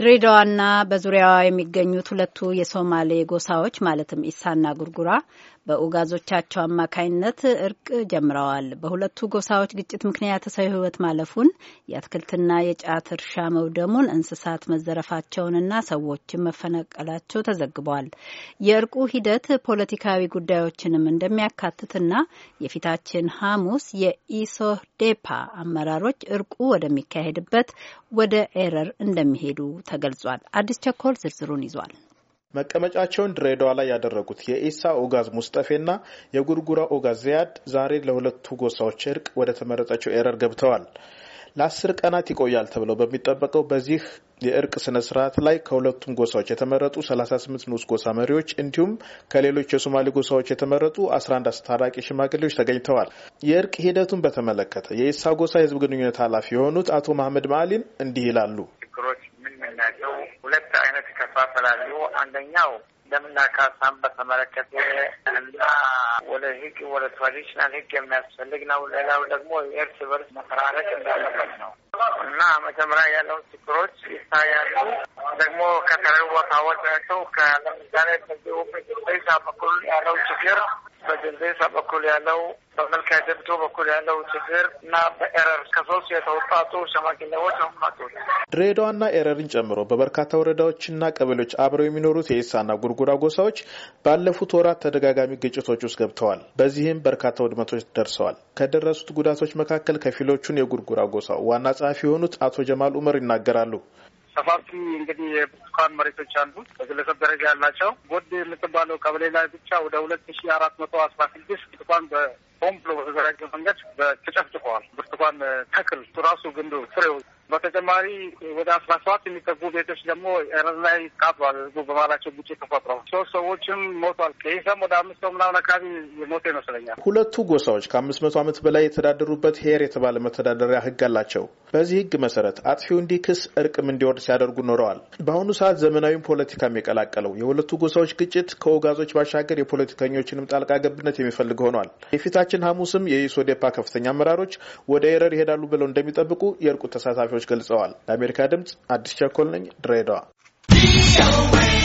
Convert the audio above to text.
ድሬዳዋና በዙሪያዋ የሚገኙት ሁለቱ የሶማሌ ጎሳዎች ማለትም ኢሳና ጉርጉራ በኡጋዞቻቸው አማካይነት እርቅ ጀምረዋል። በሁለቱ ጎሳዎች ግጭት ምክንያት ሰው ሕይወት ማለፉን፣ የአትክልትና የጫት እርሻ መውደሙን፣ እንስሳት መዘረፋቸውንና ሰዎችን መፈናቀላቸው ተዘግቧል። የእርቁ ሂደት ፖለቲካዊ ጉዳዮችንም እንደሚያካትትና የፊታችን ሐሙስ የኢሶዴፓ አመራሮች እርቁ ወደሚካሄድበት ወደ ኤረር እንደሚሄዱ ተገልጿል። አዲስ ቸኮል ዝርዝሩን ይዟል። መቀመጫቸውን ድሬዳዋ ላይ ያደረጉት የኢሳ ኦጋዝ ሙስጠፌና የጉርጉራ ኦጋዝ ዚያድ ዛሬ ለሁለቱ ጎሳዎች እርቅ ወደ ተመረጠችው ኤረር ገብተዋል። ለአስር ቀናት ይቆያል ተብለው በሚጠበቀው በዚህ የእርቅ ስነ ስርዓት ላይ ከሁለቱም ጎሳዎች የተመረጡ 38 ንዑስ ጎሳ መሪዎች እንዲሁም ከሌሎች የሶማሌ ጎሳዎች የተመረጡ 11 አስታራቂ ሽማግሌዎች ተገኝተዋል። የእርቅ ሂደቱን በተመለከተ የኢሳ ጎሳ የህዝብ ግንኙነት ኃላፊ የሆኑት አቶ መሀመድ ማአሊን እንዲህ ይላሉ። ችግሮች ጥያቄው ሁለት አይነት ይከፋፈላሉ። አንደኛው ደምና ካሳን በተመለከተ እና ወደ ህግ ወደ ትራዲሽናል ህግ የሚያስፈልግ ነው። ሌላው ደግሞ የእርስ በርስ መፈራረቅ እንዳለበት ነው እና መጀመሪያ ያለውን ችግሮች ይታያሉ። ደግሞ ከተለያዩ ቦታዎች ናቸው። ለምሳሌ በዚህ በኩል ያለው ችግር በጀንዴሳ በኩል ያለው በመልካ ደብቶ በኩል ያለው ችግር እና በኤረር ከሶስት የተውጣጡ ሸማግሌዎች አማቶች ድሬዳዋና ኤረርን ጨምሮ በበርካታ ወረዳዎችና ቀበሌዎች አብረው የሚኖሩት የኢሳና ጉርጉራ ጎሳዎች ባለፉት ወራት ተደጋጋሚ ግጭቶች ውስጥ ገብተዋል። በዚህም በርካታ ውድመቶች ደርሰዋል። ከደረሱት ጉዳቶች መካከል ከፊሎቹን የጉርጉራ ጎሳ ዋና ጸሐፊ የሆኑት አቶ ጀማል ኡመር ይናገራሉ። ሰፋፊ እንግዲህ የብርቱካን መሬቶች አሉ በግለሰብ ደረጃ ያላቸው ጎድ የምትባለው ቀበሌ ላይ ብቻ ወደ ሁለት ሺ አራት መቶ አስራ ስድስት ብርቱካን በሆም ብሎ በተዘጋጀ መንገድ ተጨፍጭፈዋል። ብርቱካን ተክል ራሱ ግንዱ ፍሬው በተጨማሪ ወደ አስራ ሰባት የሚጠጉ ቤቶች ደግሞ ረዝ ላይ ቃጥሏል። ህዝቡ በማላቸው ግጭት ተፈጥሯል። ሶስት ሰዎችም ሞቷል። ይህሰም ወደ አምስት ሰው ምናምን አካባቢ የሞተ ይመስለኛል። ሁለቱ ጎሳዎች ከአምስት መቶ ዓመት በላይ የተዳደሩበት ሄር የተባለ መተዳደሪያ ህግ አላቸው። በዚህ ህግ መሰረት አጥፊው እንዲክስ እርቅም እንዲወርድ ሲያደርጉ ኖረዋል። በአሁኑ ሰዓት ዘመናዊም ፖለቲካም የቀላቀለው የሁለቱ ጎሳዎች ግጭት ከወጋዞች ባሻገር የፖለቲከኞችንም ጣልቃ ገብነት የሚፈልግ ሆኗል። የፊታችን ሐሙስም የኢሶዴፓ ከፍተኛ አመራሮች ወደ ኤረር ይሄዳሉ ብለው እንደሚጠብቁ የእርቁ ተሳታፊዎች ገልጸዋል። ለአሜሪካ ድምጽ አዲስ ቸኮል ነኝ ድሬዳዋ